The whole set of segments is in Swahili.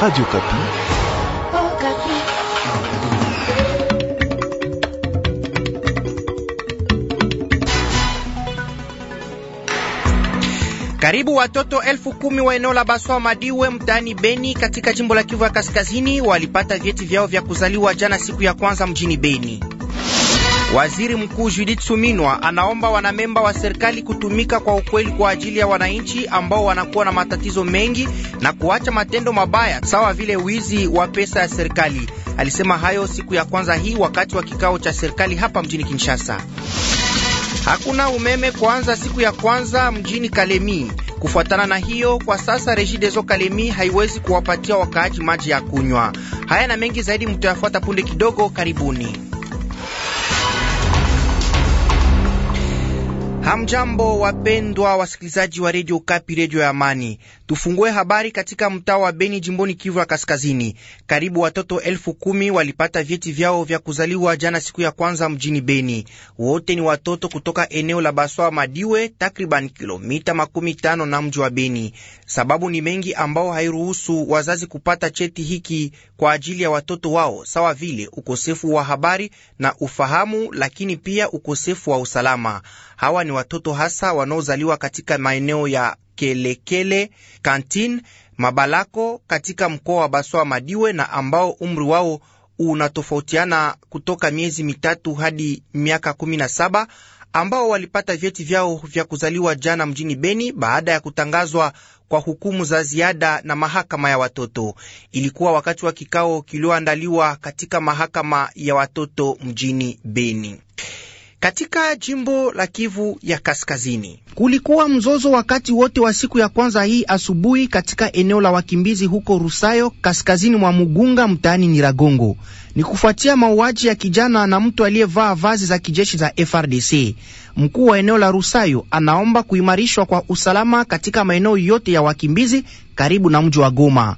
Radio Kapi. Oh, Kapi. Karibu watoto elfu kumi wa eneo la Baswa Madiwe mtaani Beni katika jimbo la Kivu ya Kaskazini walipata vyeti vyao vya kuzaliwa jana siku ya kwanza mjini Beni. Waziri Mkuu Judith Suminwa anaomba wanamemba wa serikali kutumika kwa ukweli kwa ajili ya wananchi ambao wanakuwa na matatizo mengi na kuacha matendo mabaya sawa vile wizi wa pesa ya serikali. Alisema hayo siku ya kwanza hii wakati wa kikao cha serikali hapa mjini Kinshasa. Hakuna umeme kuanza siku ya kwanza mjini Kalemi. Kufuatana na hiyo, kwa sasa Regideso Kalemi haiwezi kuwapatia wakaaji maji ya kunywa. Haya na mengi zaidi mtayafuata punde kidogo. Karibuni. Hamjambo, wapendwa wasikilizaji wa redio Kapi, redio ya Amani. Tufungue habari katika mtaa wa Beni jimboni Kivu ya Kaskazini. Karibu watoto elfu kumi walipata vyeti vyao vya kuzaliwa jana siku ya kwanza mjini Beni. Wote ni watoto kutoka eneo la Baswa Madiwe, takriban kilomita makumi tano na mji wa Beni. Sababu ni mengi ambao hairuhusu wazazi kupata cheti hiki kwa ajili ya watoto wao, sawa vile ukosefu wa habari na ufahamu, lakini pia ukosefu wa usalama. Hawa ni watoto hasa wanaozaliwa katika maeneo ya Kelekele, Kantin, Mabalako katika mkoa wa Baswa Madiwe, na ambao umri wao unatofautiana kutoka miezi mitatu hadi miaka 17 ambao walipata vyeti vyao vya kuzaliwa jana mjini Beni baada ya kutangazwa kwa hukumu za ziada na mahakama ya watoto. Ilikuwa wakati wa kikao kilioandaliwa katika mahakama ya watoto mjini Beni katika jimbo la Kivu ya Kaskazini. Kulikuwa mzozo wakati wote wa siku ya kwanza hii asubuhi katika eneo la wakimbizi huko Rusayo, kaskazini mwa Mugunga, mtaani Niragongo. Ni kufuatia mauaji ya kijana na mtu aliyevaa vazi za kijeshi za FRDC. Mkuu wa eneo la Rusayo anaomba kuimarishwa kwa usalama katika maeneo yote ya wakimbizi karibu na mji wa Goma.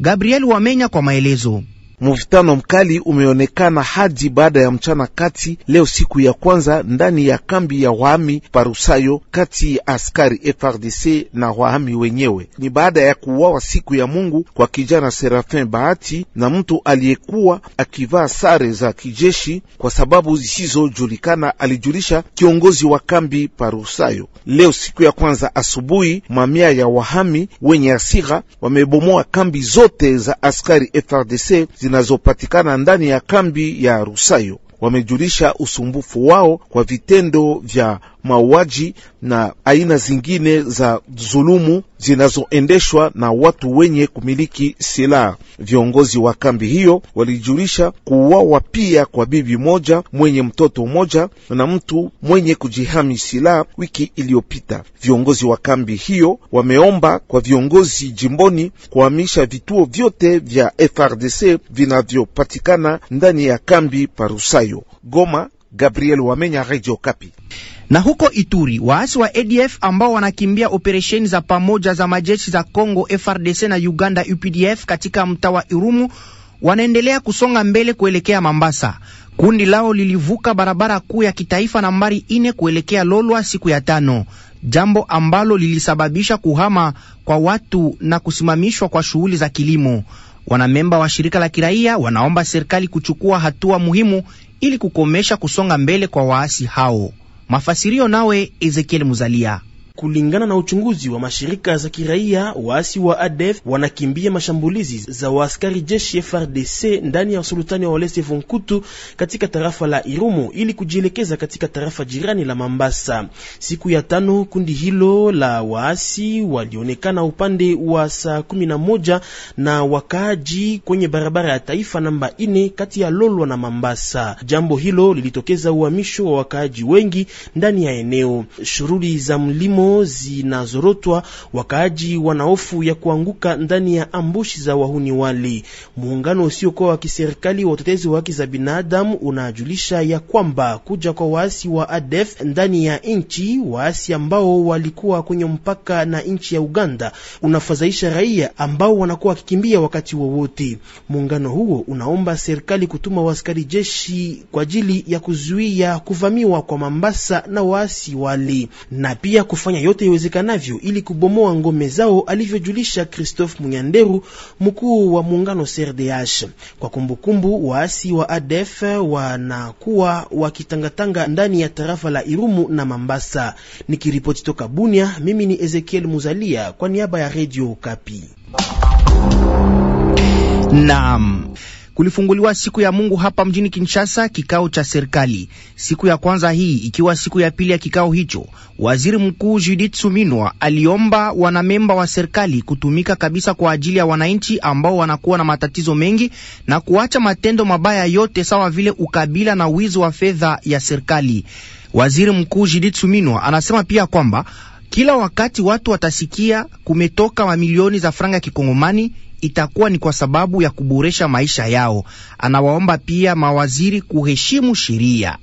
Gabriel Wamenya kwa maelezo. Mvutano mkali umeonekana hadi baada ya mchana kati leo, siku ya kwanza ndani ya kambi ya wahami Parusayo, kati ya askari FRDC na wahami wenyewe. Ni baada ya kuuawa siku ya Mungu kwa kijana Serafin Bahati na mtu aliyekuwa akivaa sare za kijeshi kwa sababu zisizojulikana, alijulisha kiongozi wa kambi Parusayo. Leo siku ya kwanza asubuhi, mamia ya wahami wenye asira wamebomoa kambi zote za askari FARDC zinazopatikana ndani ya kambi ya Rusayo. Wamejulisha usumbufu wao kwa vitendo vya mauaji na aina zingine za dhulumu zinazoendeshwa na watu wenye kumiliki silaha. Viongozi wa kambi hiyo walijulisha kuuawa pia kwa bibi moja mwenye mtoto mmoja na mtu mwenye kujihami silaha wiki iliyopita. Viongozi wa kambi hiyo wameomba kwa viongozi jimboni kuhamisha vituo vyote vya FRDC vinavyopatikana ndani ya kambi Parusayo, Goma. Gabriel Wamenya, Radio Kapi. Na huko Ituri, waasi wa ADF ambao wanakimbia operesheni za pamoja za majeshi za Congo FRDC na Uganda UPDF katika mtaa wa Irumu wanaendelea kusonga mbele kuelekea Mambasa. Kundi lao lilivuka barabara kuu ya kitaifa nambari ine kuelekea Lolwa siku ya tano, jambo ambalo lilisababisha kuhama kwa watu na kusimamishwa kwa shughuli za kilimo. Wanamemba wa shirika la kiraia wanaomba serikali kuchukua hatua muhimu ili kukomesha kusonga mbele kwa waasi hao. Mafasirio nawe Ezekiel Muzalia. Kulingana na uchunguzi wa mashirika za kiraia, waasi wa ADF wanakimbia mashambulizi za waaskari jeshi FRDC ndani ya usultani wa Walese Vonkutu katika tarafa la Irumu ili kujielekeza katika tarafa jirani la Mambasa. Siku ya tano, kundi hilo la waasi walionekana upande wa saa kumi na moja na wakaaji kwenye barabara ya taifa namba ine kati ya Lolwa na Mambasa. Jambo hilo lilitokeza uhamisho wa wakaaji wengi ndani ya eneo. Shughuli za mlimo zinazorotwa, wakaaji wanaofu ya kuanguka ndani ya ambushi za wahuni wale. Muungano usiokuwa wa kiserikali wa utetezi wa haki za binadamu unajulisha ya kwamba kuja kwa waasi wa ADF ndani ya nchi, waasi ambao walikuwa kwenye mpaka na nchi ya Uganda, unafadhaisha raia ambao wanakuwa wakikimbia wakati wowote. Muungano huo unaomba serikali kutuma waskari jeshi kwa ajili ya kuzuia kuvamiwa kwa Mambasa na waasi wale na pia kufanya kufanya yote iwezekanavyo ili kubomoa ngome zao, alivyojulisha Christophe Munyanderu, mkuu wa muungano CRDH. Kwa kumbukumbu, waasi wa ADF wanakuwa wakitangatanga ndani ya tarafa la Irumu na Mambasa. Nikiripoti toka Bunia, mimi ni Ezekiel Muzalia kwa niaba ya Radio Okapi. Naam kulifunguliwa siku ya Mungu hapa mjini Kinshasa kikao cha serikali, siku ya kwanza hii ikiwa siku ya pili ya kikao hicho. Waziri Mkuu Judith Suminwa aliomba wanamemba wa serikali kutumika kabisa kwa ajili ya wananchi ambao wanakuwa na matatizo mengi na kuacha matendo mabaya yote sawa vile ukabila na wizi wa fedha ya serikali. Waziri Mkuu Judith Suminwa anasema pia kwamba kila wakati watu watasikia kumetoka mamilioni za franga ya kikongomani itakuwa ni kwa sababu ya kuboresha maisha yao. Anawaomba pia mawaziri kuheshimu sheria.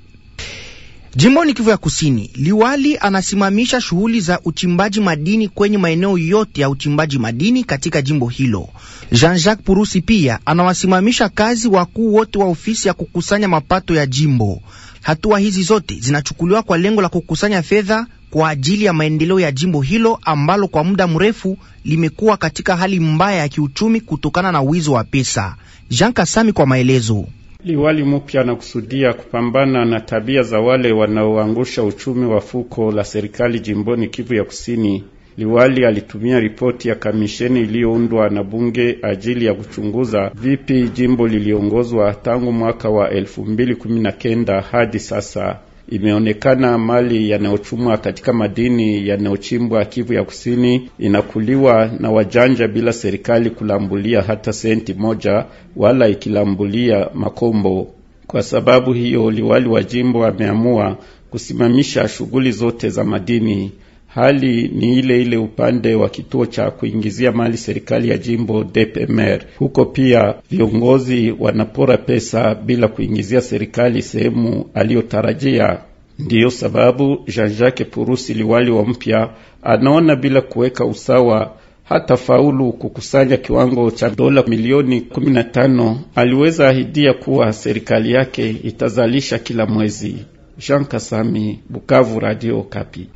Jimboni Kivu ya Kusini, liwali anasimamisha shughuli za uchimbaji madini kwenye maeneo yote ya uchimbaji madini katika jimbo hilo. Jean-Jacques Purusi pia anawasimamisha kazi wakuu wote wa ofisi ya kukusanya mapato ya jimbo. Hatua hizi zote zinachukuliwa kwa lengo la kukusanya fedha kwa ajili ya maendeleo ya jimbo hilo ambalo kwa muda mrefu limekuwa katika hali mbaya ya kiuchumi kutokana na wizo wa pesa. Jean Kasami kwa maelezo. Liwali mpya anakusudia kupambana na tabia za wale wanaoangusha uchumi wa fuko la serikali jimboni Kivu ya Kusini. Liwali alitumia ripoti ya kamisheni iliyoundwa na bunge ajili ya kuchunguza vipi jimbo liliongozwa tangu mwaka wa elfu mbili kumi na kenda hadi sasa. Imeonekana mali yanayochumwa katika madini yanayochimbwa Kivu ya Kusini inakuliwa na wajanja bila serikali kulambulia hata senti moja, wala ikilambulia makombo. Kwa sababu hiyo, liwali wa jimbo ameamua kusimamisha shughuli zote za madini. Hali ni ile ile upande wa kituo cha kuingizia mali serikali ya jimbo DPMR. Huko pia viongozi wanapora pesa bila kuingizia serikali sehemu aliyotarajia. Ndiyo sababu Jean-Jacques Purusi, liwali wa mpya, anaona bila kuweka usawa hata faulu kukusanya kiwango cha dola milioni 15 aliweza ahidia kuwa serikali yake itazalisha kila mwezi. Jean Kasami, Bukavu, Radio Kapi.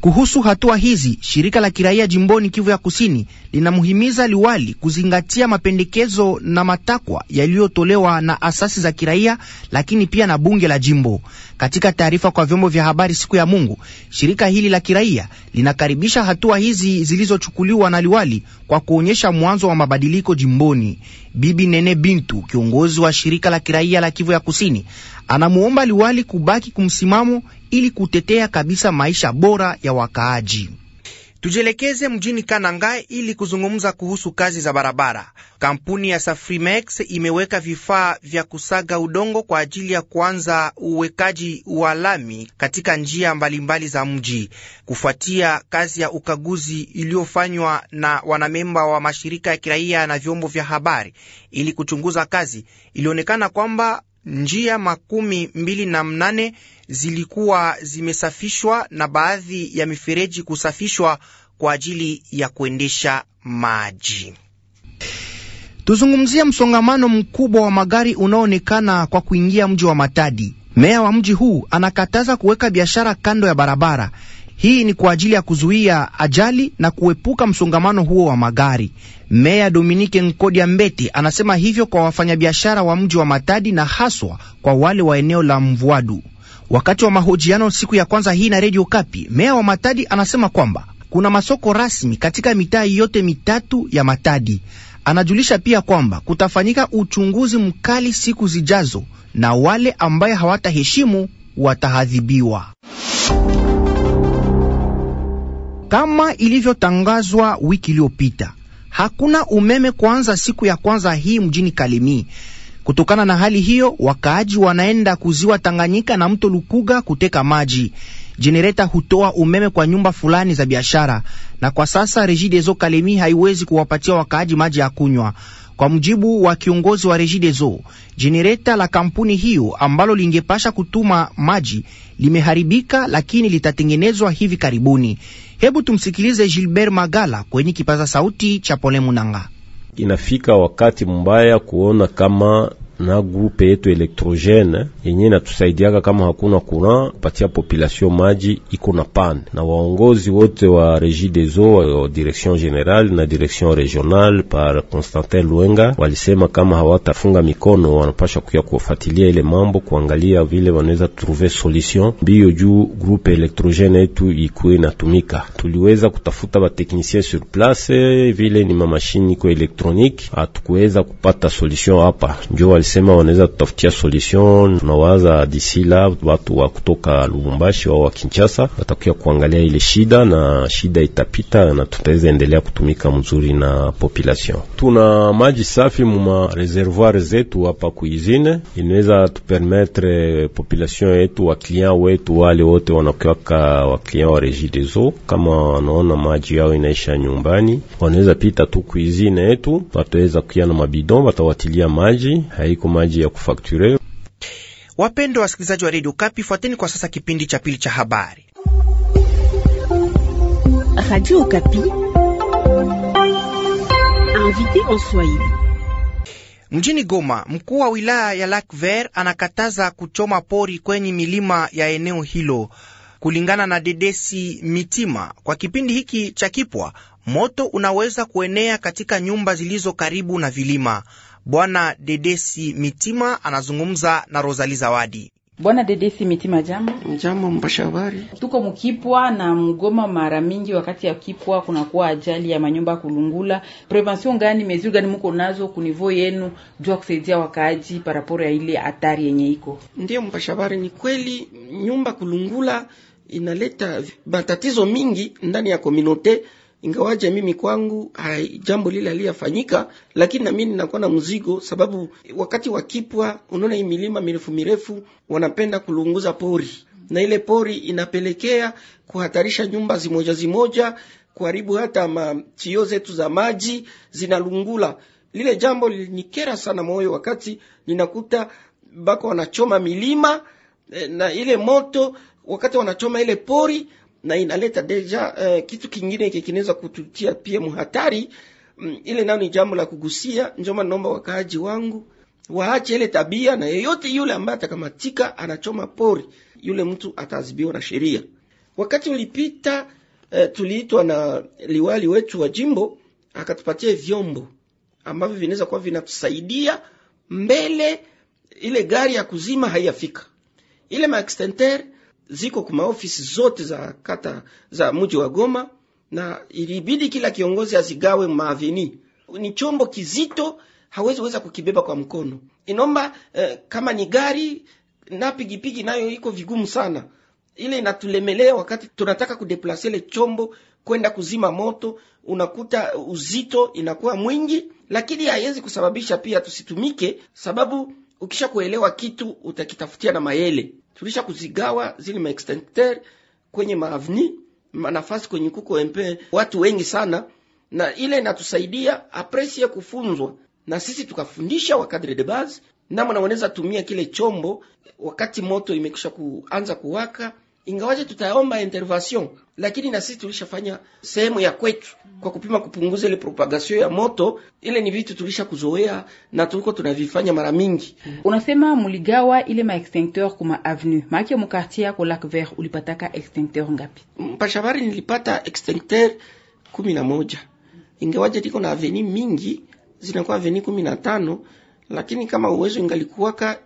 Kuhusu hatua hizi, shirika la kiraia jimboni Kivu ya Kusini linamhimiza liwali kuzingatia mapendekezo na matakwa yaliyotolewa na asasi za kiraia, lakini pia na bunge la jimbo. Katika taarifa kwa vyombo vya habari siku ya Mungu, shirika hili la kiraia linakaribisha hatua hizi zilizochukuliwa na liwali kwa kuonyesha mwanzo wa mabadiliko jimboni. Bibi Nene Bintu, kiongozi wa shirika la kiraia la Kivu ya Kusini, anamuomba liwali kubaki kumsimamo ili kutetea kabisa maisha bora ya wakaaji. Tujielekeze mjini Kananga ili kuzungumza kuhusu kazi za barabara. Kampuni ya Safrimex imeweka vifaa vya kusaga udongo kwa ajili ya kuanza uwekaji wa lami katika njia mbalimbali mbali za mji, kufuatia kazi ya ukaguzi iliyofanywa na wanamemba wa mashirika ya kiraia na vyombo vya habari ili kuchunguza kazi. Ilionekana kwamba njia makumi mbili na mnane zilikuwa zimesafishwa na baadhi ya mifereji kusafishwa kwa ajili ya kuendesha maji. Tuzungumzie msongamano mkubwa wa magari unaoonekana kwa kuingia mji wa Matadi. Meya wa mji huu anakataza kuweka biashara kando ya barabara. Hii ni kwa ajili ya kuzuia ajali na kuepuka msongamano huo wa magari. Meya Dominike Nkodia Mbete anasema hivyo kwa wafanyabiashara wa mji wa Matadi na haswa kwa wale wa eneo la Mvwadu. Wakati wa mahojiano siku ya kwanza hii na redio Kapi, meya wa Matadi anasema kwamba kuna masoko rasmi katika mitaa yote mitatu ya Matadi. Anajulisha pia kwamba kutafanyika uchunguzi mkali siku zijazo na wale ambaye hawataheshimu wataadhibiwa. Kama ilivyotangazwa wiki iliyopita, hakuna umeme kuanza siku ya kwanza hii mjini Kalemi. Kutokana na hali hiyo, wakaaji wanaenda kuziwa Tanganyika na mto Lukuga kuteka maji. Jenereta hutoa umeme kwa nyumba fulani za biashara, na kwa sasa Regideso Kalemi haiwezi kuwapatia wakaaji maji ya kunywa. Kwa mujibu wa kiongozi wa Regideso, jenereta la kampuni hiyo ambalo lingepasha kutuma maji limeharibika, lakini litatengenezwa hivi karibuni. Hebu tumsikilize Gilbert Magala kwenye kipaza sauti cha Pole Munanga. Inafika wakati mbaya kuona kama na grupe yetu elektrogene yenye inatusaidiaka kama hakuna courant kupatia population maji iko na pande na waongozi wote wa Regie des Eaux, direction generale na direction regionale par Constantin Luenga walisema kama hawatafunga mikono, wanapasha kuya kufuatilia ile mambo, kuangalia vile wanaweza trouver solution mbio juu groupe elektrogene yetu ikuwe natumika. Tuliweza kutafuta bateknisien sur place, vile ni mamashini iko electronique, hatukuweza kupata solution hapa, njoo wamesema wanaweza tutafutia solution. Tunawaza disi la watu wa kutoka Lubumbashi wao wa Kinshasa watakuya kuangalia ile shida, na shida itapita na tutaweza endelea kutumika mzuri na population. Tuna maji safi muma reservoir zetu hapa kuizine, inaweza tupermetre population yetu wa client wetu wale wote wanakuwaka wa client wa Regie des Eaux, kama wanaona maji yao inaisha nyumbani, wanaweza pita tu kuizine yetu, wataweza kuya na mabidon, watawatilia maji hai iko maji ya kufakture. Wapendwa wasikilizaji wa redio Kapi, fuateni kwa sasa kipindi cha pili cha habari Radio Kapi. Mjini Goma, mkuu wa wilaya ya Lac Vert anakataza kuchoma pori kwenye milima ya eneo hilo. Kulingana na Dedesi Mitima, kwa kipindi hiki cha kipwa, moto unaweza kuenea katika nyumba zilizo karibu na vilima. Bwana Dedesi Mitima anazungumza na rosali Zawadi. Bwana Dedesi Mitima, jambo. Jambo mpashabari. Tuko mkipwa na mgoma, mara mingi wakati ya kipwa kunakuwa ajali ya manyumba kulungula. Prevention gani, mezuri gani mko nazo kunivou yenu jua kusaidia wakaaji paraporo ya ile hatari yenye iko? Ndiyo mpashabari, ni kweli nyumba kulungula inaleta matatizo mingi ndani ya komunote ingawaje mimi kwangu hai, jambo lile aliyafanyika, lakini na mimi ninakuwa na mzigo, sababu wakati wa kipwa, unaona hii milima mirefu mirefu wanapenda kulunguza pori, na ile pori inapelekea kuhatarisha nyumba zimoja zimoja, kuharibu hata machio zetu za maji, zinalungula. Lile jambo linikera sana moyo wakati ninakuta bako wanachoma milima eh, na ile moto wakati wanachoma ile pori na inaleta deja uh, kitu kingine kinaweza kututia pia mhatari mm, ile nayo ni jambo la kugusia. njoma naomba wakaaji wangu waache ile tabia, na yeyote yule ambaye atakamatika anachoma pori, yule mtu ataadhibiwa na sheria. Wakati ulipita uh, tuliitwa na liwali wetu wa jimbo akatupatia vyombo ambavyo vinaweza kuwa vinatusaidia mbele ile gari ya kuzima haiyafika ile ma ziko kwa maofisi zote za kata za mji wa Goma, na ilibidi kila kiongozi azigawe maaveni. Ni chombo kizito, hawezi weza kukibeba kwa mkono. inomba eh, kama ni gari na pigipigi, nayo iko vigumu sana, ile inatulemelea wakati tunataka kudeplase ile chombo kwenda kuzima moto, unakuta uzito inakuwa mwingi, lakini haiwezi kusababisha pia tusitumike, sababu ukisha kuelewa kitu utakitafutia na mayele tulisha kuzigawa zile maextincteur kwenye maavni manafasi kwenye kuko MP watu wengi sana, na ile inatusaidia apresie kufunzwa na sisi tukafundisha wakadre de base namna wanaweza tumia kile chombo wakati moto imekisha kuanza kuwaka ingawaje tutaomba intervention, lakini na sisi tulishafanya sehemu ya kwetu kwa kupima kupunguza ile propagation ya moto. Ile ni vitu tulishakuzoea na tulikuwa tunavifanya mara mingi. Unasema muligawa ile ma extincteur kuma avenue maake mukartie yako Lac Vert, ulipataka extincteur ngapi? Mpashabari nilipata extincteur kumi na moja ingawaje tiko na aveni mingi zinakuwa aveni kumi na tano lakini kama uwezo ingalikuwaka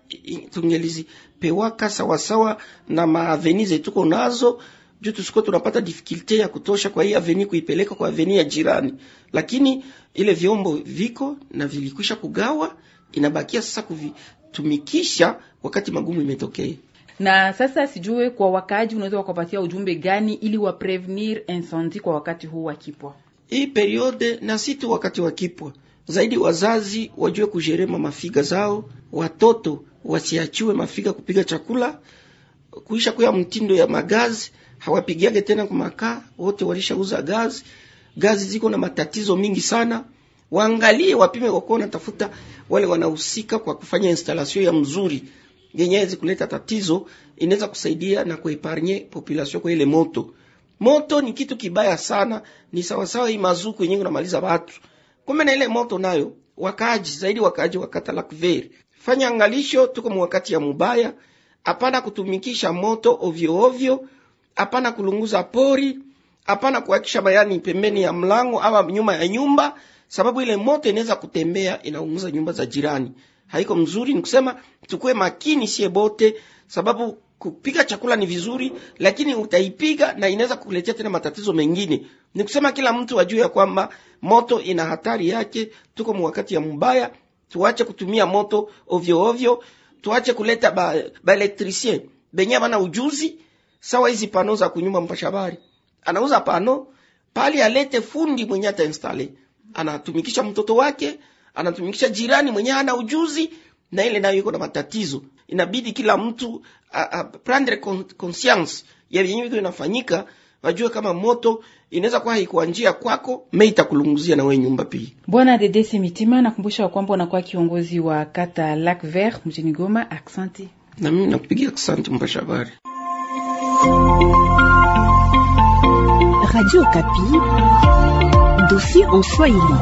tungelizi kupewaka sawasawa na maaveni zetuko nazo juu tusiko tunapata difficulty ya kutosha kwa hii aveni kuipeleka kwa aveni ya jirani, lakini ile vyombo viko na vilikwisha kugawa, inabakia sasa kuvitumikisha wakati magumu imetokea. Na sasa sijue kwa wakaaji, unaweza wakapatia ujumbe gani ili wa prevenir incendie kwa wakati huu wa kipwa, hii periode, na si tu wakati wa kipwa zaidi, wazazi wajue kujerema mafiga zao, watoto wasiachiwe mafika kupiga chakula kuisha kuya mtindo ya magazi hawapigiage tena kumakaa, wote walishauza gazi. Gazi ziko na matatizo mingi sana, waangalie wapime, kwa kuwa natafuta wale wanahusika kwa kufanya installation ya mzuri yenye kuleta tatizo, inaweza kusaidia na kuepargne population kwa ile moto. Moto ni kitu kibaya sana, ni sawasawa hii mazuku yenyewe unamaliza watu. Kumbe na ile moto nayo wakaaji zaidi, wakaaji wakata la Kuveri fanya angalisho, tuko mwakati ya mubaya. Hapana kutumikisha moto ovyo ovyo, hapana kulunguza pori, hapana kuhakisha mayani pembeni ya mlango ama nyuma ya nyumba, sababu ile moto inaweza kutembea inaunguza nyumba za jirani. Haiko mzuri, Ni kusema tukue makini sie bote, sababu kupika chakula ni vizuri, lakini utaipiga na inaweza kukuletea tena matatizo mengine. Ni kusema kila mtu ajue ya kwamba moto ina hatari yake, tuko mwakati ya mbaya tuache kutumia moto ovyo ovyo, tuache kuleta ba, ba elektrisie benye bana ujuzi sawa. Hizi pano za kunyuma, mpashabari anauza pano pali, alete fundi mwenye atainstale, anatumikisha mtoto wake, anatumikisha jirani mwenye ana ujuzi, na ile nayo iko na matatizo. Inabidi kila mtu a, a, prendre conscience ya yenyewe inafanyika, wajue kama moto inaweza kuwa haikuwa njia kwako, me itakulunguzia na wewe nyumba pia. Bwana Dedese Mitima, nakumbusha kwamba unakuwa kiongozi wa kata Lac Vert mjini Goma. Aksanti na mimi nakupigia aksanti mpasha habari Radio Kapi, dosi en Swahili.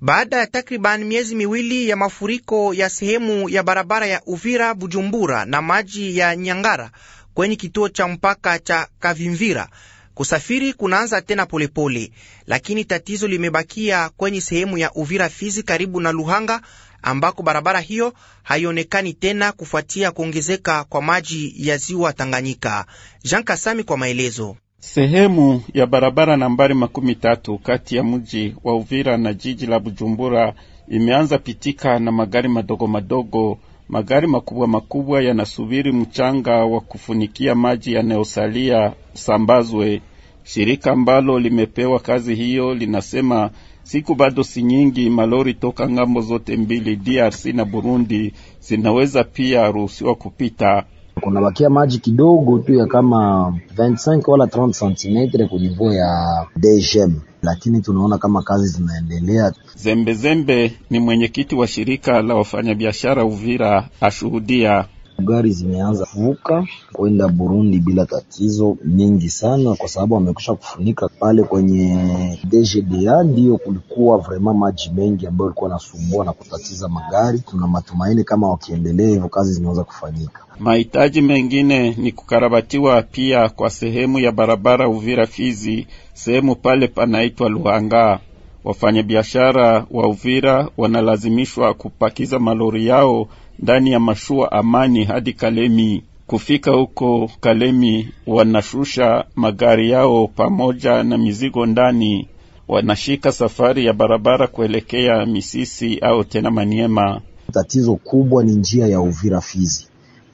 Baada ya takriban miezi miwili ya mafuriko ya sehemu ya barabara ya Uvira Bujumbura na maji ya Nyangara kwenye kituo cha mpaka cha Kavimvira. Kusafiri kunaanza tena polepole, lakini tatizo limebakia kwenye sehemu ya Uvira Fizi, karibu na Luhanga, ambako barabara hiyo haionekani tena kufuatia kuongezeka kwa maji ya ziwa Tanganyika. Jean Kasami kwa maelezo. Sehemu ya barabara nambari makumi tatu kati ya mji wa Uvira na jiji la Bujumbura imeanza pitika na magari madogo madogo Magari makubwa makubwa yanasubiri mchanga wa kufunikia maji yanayosalia usambazwe. Shirika ambalo limepewa kazi hiyo linasema siku bado si nyingi, malori toka ngambo zote mbili, DRC na Burundi, zinaweza pia ruhusiwa kupita kunabakia maji kidogo tu ya kama 25 wala 30 cm kunivou ya DGM lakini tunaona kama kazi zinaendelea. Zembezembe ni mwenyekiti wa shirika la wafanyabiashara Uvira, ashuhudia Gari zimeanza kuvuka kwenda Burundi bila tatizo nyingi sana, kwa sababu wamekusha kufunika pale kwenye DGDA. Ndiyo kulikuwa vrema maji mengi ambayo ilikuwa nasumbua na kutatiza magari. Tuna matumaini kama wakiendelea hivyo, kazi zinaweza kufanyika. Mahitaji mengine ni kukarabatiwa pia kwa sehemu ya barabara Uvira Fizi, sehemu pale panaitwa Luhanga. Wafanyabiashara wa Uvira wanalazimishwa kupakiza malori yao ndani ya mashua Amani hadi Kalemi. Kufika huko Kalemi, wanashusha magari yao pamoja na mizigo ndani, wanashika safari ya barabara kuelekea Misisi au tena Maniema. Tatizo kubwa ni njia ya Uvira Fizi,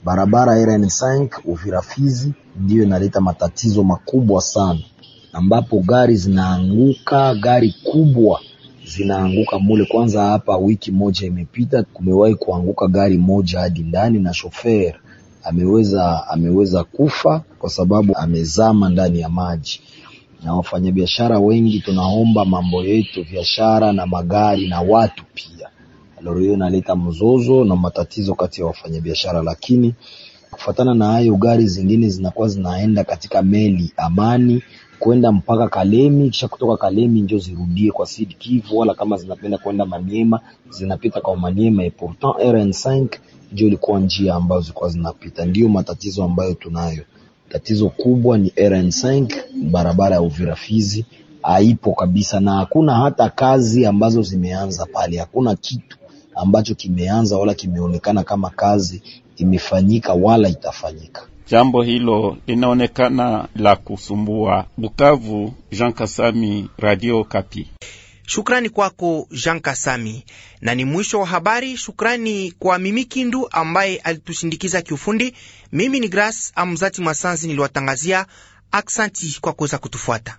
barabara RN5 Uvira Fizi ndiyo inaleta matatizo makubwa sana ambapo gari zinaanguka, gari kubwa zinaanguka mule. Kwanza hapa wiki moja imepita, kumewahi kuanguka gari moja hadi ndani na shofer ameweza ameweza kufa kwa sababu amezama ndani ya maji. Na wafanyabiashara wengi, tunaomba mambo yetu biashara na magari na watu pia, lori hiyo inaleta mzozo na matatizo kati ya wafanyabiashara. Lakini kufuatana na hayo, gari zingine zinakuwa zinaenda katika meli Amani kwenda mpaka Kalemi, kisha kutoka Kalemi ndio zirudie kwa Sud Kivu, wala kama zinapenda kwenda Maniema zinapita kwa Maniema, et pourtant RN5 ndio ilikuwa njia ambazo zilikuwa zinapita. ndio matatizo ambayo tunayo. Tatizo kubwa ni RN5, barabara ya Uvira Fizi haipo kabisa, na hakuna hata kazi ambazo zimeanza pale. Hakuna kitu ambacho kimeanza wala kimeonekana kama kazi imefanyika wala itafanyika. Jambo hilo linaonekana la kusumbua. Bukavu, Jean Kasami, Radio Kapi. Shukrani kwako Jean Kasami, na ni mwisho wa habari. Shukrani kwa Mimi Kindu ambaye alitushindikiza kiufundi. Mimi ni Grace Amzati Masanzi niliwatangazia. Aksanti kwa kuweza kutufuata.